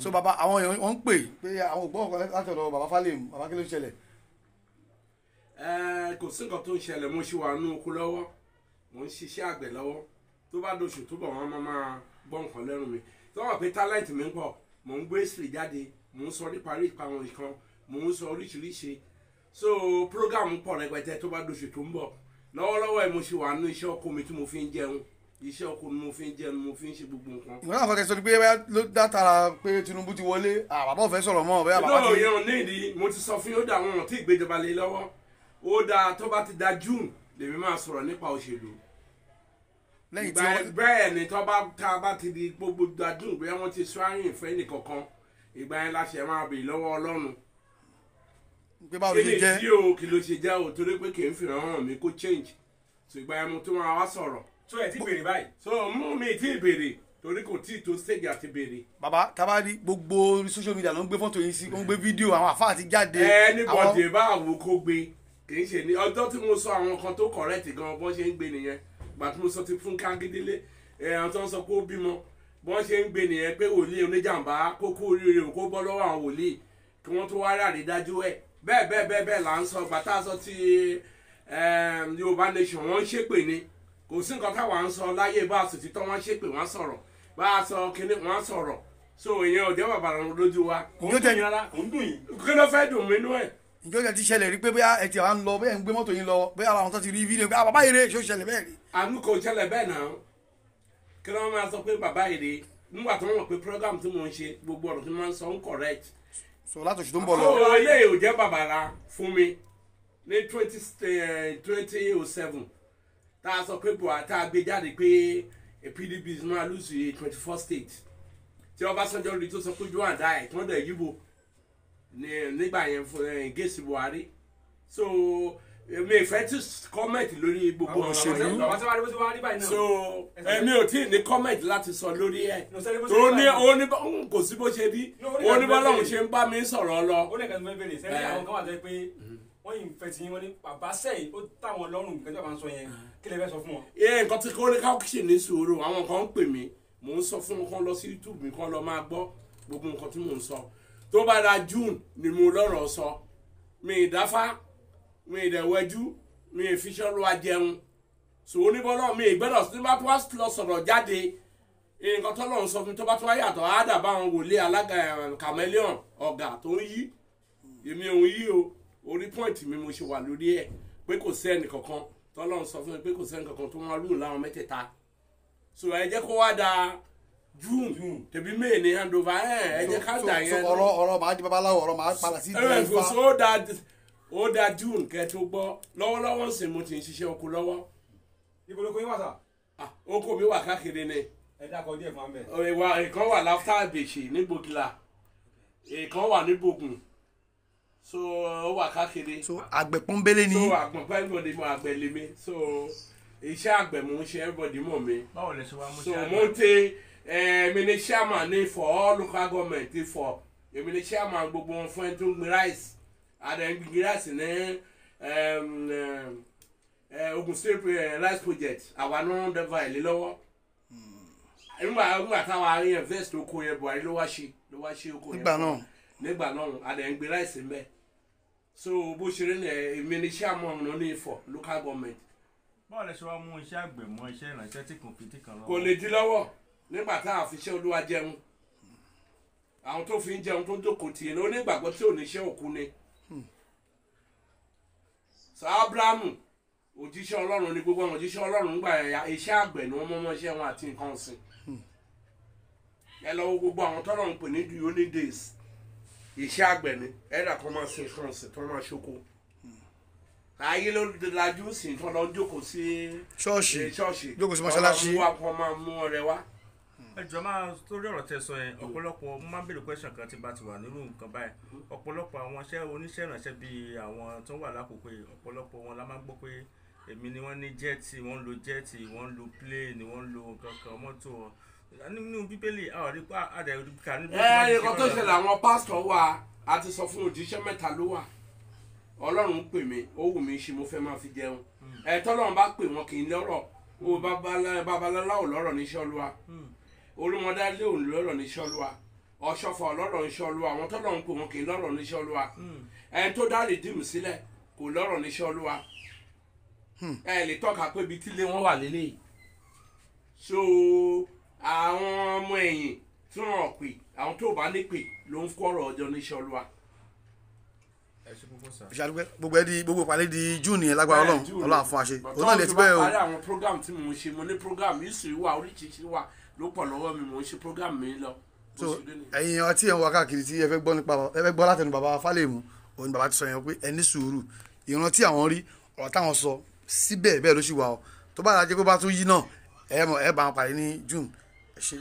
so baba àwọn èèyàn wọn ń pè pé àwọn ògbọ́n kan láti ọ̀dọ̀ baba Falemu baba kí ló ń ṣẹlẹ̀. kò sí nǹkan tó ń ṣẹlẹ̀ mo ṣì wà nínú oko lọ́wọ́ mo ń ṣiṣẹ́ àgbẹ̀ lọ́wọ́ tó bá doṣù tó bọ̀ wọ́n máa gbọ́ nǹkan lẹ́nu mi tó wà pé talent mi ń pọ̀ mò ń gbé history jáde mò ń sọ nípa rí ìpamọ́ nǹkan mò ń sọ oríṣiríṣi so program pọ̀ rẹpẹtẹ tó bá doṣù tó ń bọ̀ lọ́wọ́lọ́wọ́ iṣẹ́ oko ni mo fi ń jẹ ni mo fi ń ṣe gbogbo nǹkan. ìwé náà kọ́ tẹ̀sán ni pé ló dátara pé Tinubu ti wọlé àbábá ò fẹ́ sọ̀rọ̀ mọ́ ọ̀bẹ́ àbábá ti. lọ́rọ̀ yẹn nídìí mo ti sọ fún yóò dà wọn tí ìgbéjọba lé lọ́wọ́ ó dáa tó bá ti da June lèmi máa sọ̀rọ̀ nípa òṣèlú. lẹ́yìn tí wọ́n bẹ́ẹ̀ ni tó bá ta bá ti di gbogbo da June bóyá wọ́n ti sọ àyìn ìfẹ́ nìkankan ìgbà yẹn láṣẹ máa bè lọ́wọ́ Ọlọ́run pé báwo ló ṣe jẹ́ kí ló ṣe jẹ́ o torí pé kì í fi hàn mí kó change ṣùgbọ́n ẹmu tó máa wá sọ̀rọ̀ so ẹ ti béèrè báyìí. so mú mi ti béèrè torí kò tí tó stage àti béèrè. bàbá tabali gbogbo social media ló ń gbé fọ́tò yín sí ó ń gbé fídíò àwọn àfa àti jáde. anybody bá àwò kó gbé kì í ṣe ní ọjọ́ tí mo sọ àwọn kan tó correct gan bọ́n ṣe ń gbé nìyẹn gbàtí mo sọ ti fún kágídélé ẹ̀ àwọn tó ń sọ pé ó bímọ bọ́n ṣe ń gbé nìyẹn pé wòlíì oníjàmbá kókó oríire kó bọ́ lọ́wọ́ àwọn wòlíì kí wọ́n tó wá ráre dájú ẹ̀ bẹ́ẹ̀ bẹ́ẹ̀ bẹ́ẹ̀ bẹ́ẹ̀ là ń sọ gbàtà sọ ti Yorùbá nation wọ́n ń ṣépè ni kò sí nǹkan táwa ń sọ láyé bá a sì ti tọ́ wọ́n ṣépè wọ́n sọ̀rọ̀ bá a sọ kinní wọ́n sọ̀rọ̀ so ìyẹn ò bàbá àwọn lójú wa. kò ń dùn yín kò ń dùn yín. kí ló fẹ́ dùn mí nú ẹ̀. ìjọ ìjà ti ṣẹlẹ̀ rí pé bóyá ẹ ti wá ń lọ bóyá ń gbé mọ́tò yín lọ bóyá àwọn tó ti rí fídíò pé ah, bàbá èrè ṣó ṣẹlẹ̀ bẹ́ẹ̀ rí. àmì kò ṣẹlẹ̀ bẹ́ẹ̀ náà kí ló máa sọ pé bàbá èrè nígbà tó mọ̀ pé program tí mo ń ṣe gbogbo ọ̀rọ̀ tí mo máa ń sọ ń correct. sọ láti oṣù tó ń bọ̀ lọ. àwọn ilé ìwòjẹ́ bàbàrà fún mi ní twenty eh, oh tá a sọ pé buhari tá a gbé jáde pé pdp lose lùsù twenty four state tí ọbásanjọ́ rí tó sọ pé joan dá ẹ̀ tí wọ́n dẹ̀ yíbo nígbà yẹn fún eh, gẹ̀ẹ́sì buhari so èmi ìfẹ́ tí comment lórí gbogbo ọ̀rọ̀ yẹn so èmi ò tí ì ní comment láti sọ lórí ẹ̀ tó ní ó ní kò sí bó ṣe rí ó ní bá lọ́hùn ṣe ń bá mi sọ̀rọ̀ lọ. ó lè kẹ́sìmọ́ ìbéèrè sẹ́yìn àwọn kan wà tó yẹ pé mm-hmm. wọ́n yìí fẹ́ tí wọ́n ní bàbá sẹ́yìn ó táwọn lọ́rùn nǹkan tí wọ́n bá ń sọ yẹn mm-hmm. kí lè fẹ́ sọ fún wọn. ẹ nǹkan tí kò ní káwọn kìsì ní sùúrù àwọn kan ń pè mí mò ń sọ fún kan lọ sí YouTube mi kan lọ máa gbọ́ gbogbo nǹkan tí mò ń sọ tó bá da June ni mo lọ́rọ̀ sọ mi ìdáfá mi ì dẹ̀wẹ́jú mi ì fiṣẹ́ lọ́wọ́ jẹun sòwò ní bọ́lọ́ mi ì gbẹ́dọ̀ sí bá tó wá lọ sọ̀rọ̀ jáde nǹkan tó lọ́n sọ fún mi tó bá tó wá yàtọ̀ á dàbá àwọn wòlé alága kàmẹ́líọ̀n ọ̀gà tó ń yí èmi òun yí o orí pọ́ìntì mi mo ṣe wà lórí ẹ̀ pé kò sí kankan tó lọ́n sọ fún mi pé kò sí ẹnì kankan tó máa lùn láwọn mẹ́tẹ̀ẹ̀ta so ẹ jẹ́ kó wá da june tẹ̀bí may ní handover ẹ ẹ jẹ́ ká dà yẹn. ọ̀rọ̀ ọ̀rọ̀ màá di babaláwo ọ̀rọ̀ màá palà sí ìdílé ifá. ẹ ó dá june kẹtó gbọ́ lọ́wọ́lọ́wọ́ sì mo ti ń ṣiṣẹ́ oko lọ́wọ́. ibo ló kó yín wà sá. Ah, oko mi wà káàkiri ni. ẹ dákọ díẹ̀ fún amẹ. ìwà ìkan wà láfta àbèṣe ní gbòkìlà ìkan wà ní bògùn so ó wà káàkiri. so àgbẹ̀ pọ́nbélé ni. so àgbẹ̀ pọ́nbélé mọ àgbẹ̀ lèmi so iṣẹ́ àgbẹ̀ mò ń ṣe everybody mọ̀ mi. báwo lè ṣe wá mo ṣe àgbẹ̀. so mo ti èmi ni chairman ní for all local government for èmi ni chairman gbogbo wọn fún ẹ tó ń gbin rice àdẹ̀gbìngíràsì ní eh, Ogun State rice eh, project àwa náà dẹ́fà ìlé lọ́wọ́ hmm. nígbà nígbà táwa yẹn vest oko yẹn Buhari ló wá ṣe ló wá ṣe oko yẹn nígbà náà nígbà náà àdẹ̀gbìngíràsì ń so bó ṣe rí ni èmi ní iṣẹ́ àmọ́ ọ̀nà ní Ifọ̀ local government. bọ́ọ̀lù ṣe wá mú iṣẹ́ àgbẹ̀ mọ́ iṣẹ́ ìrànṣẹ́ tí kò fi tí kan lọ́wọ́. kò lè di lọ́wọ́ nígbà tá a fi iṣẹ́ Olúwa jẹun àwọn tó fi ń jẹun tó ń dókòó tiẹ̀ ní onígbàgbọ́ tí ò ní iṣẹ́ òkú ni sọ abrahamu òjíṣẹ́ ọlọ́run ni gbogbo àwọn òjíṣẹ́ ọlọ́run gbà ẹ̀yà iṣẹ́ àgbẹ̀ ni wọ́n mọ́mọ́ iṣẹ́ wọn àti nǹkan ọ̀sìn hmm. ẹ lọ́wọ́ gbogbo àwọn tọ́lọ̀ ń pè ní the only days iṣẹ́ àgbẹ̀ ni ẹ̀dà kan máa sin nǹkan ọ̀sìn tó máa ṣoko ayé ló lajú sí nǹkan lọ jókòó sí ṣọ́ọ̀ṣì eh, jókòó sí mọ́ṣáláṣí wọ́n máa mú ọrẹ wá ẹjọ máa sórí ọ̀rọ̀ tẹ́ sọ yẹn mm. ọ̀pọ̀lọpọ̀ mo máa ń béèrè question kan tí bá ti wà nínú nǹkan báyìí ọ̀pọ̀lọpọ̀ àwọn iṣẹ́ oníṣẹ́ ìrànṣẹ́ bíi àwọn tó ń wà lákòókò yìí ọ̀pọ̀lọpọ̀ wọn la máa ń gbọ́ pé èmi ni wọ́n ní jẹ́ẹ̀tì wọ́n ń lo jẹ́ẹ̀tì wọ́n ń lo pléènì wọ́n ń lo kankan mọ́tò nínú bíbélì àwọn rí pa àdàrí kà olùmọdá lé òun lọ́rọ̀ ní sọ́lúwa ọ̀ṣọ́fà lọ́rọ̀ ní sọ́lúwa àwọn tọ́lọ̀ ń pè wọn kì í lọ́rọ̀ ní sọ́lúwa hmm. ẹni tó dá rìdíìmù sílẹ̀ kò lọ́rọ̀ ní sọ́lúwa hmm. ẹ lè tọ́ka pé ibi tílé wọn wà lélẹ́yìí so àwọn ọmọ ẹ̀yìn tí wọ́n pè àwọn tó bá nípè ló ń kọ́rọ̀ ọjọ́ ní sọ́lúwa gbogbo ẹdi gbogbo ìpàdé di june yẹn lágbára Ọlọ́run Ọlọ́run àfọwàṣe òun náà ti bá parí àwọn program tí mo ṣe mo ní program history wà oríṣiríṣi wà ló pọ̀ lọ́wọ́ mi mò ń ṣe program mi lọ. so ẹ̀yin ọtí yẹn wá káàkiri tí ẹ fẹ́ gbọ́ nípa ẹ fẹ́ gbọ́ látẹnu bàbá Fálẹ̀mú òun bàbá ti sọ yẹn pé ẹ ní sùúrù ìran tí àwọn rí ọ̀rọ̀ táwọn sọ síbẹ̀ bẹ́ẹ̀ ló ṣì wà ọ́ tó bá dájú pé bá tún yí náà ẹ bá wọn parí ní June ẹ ṣe.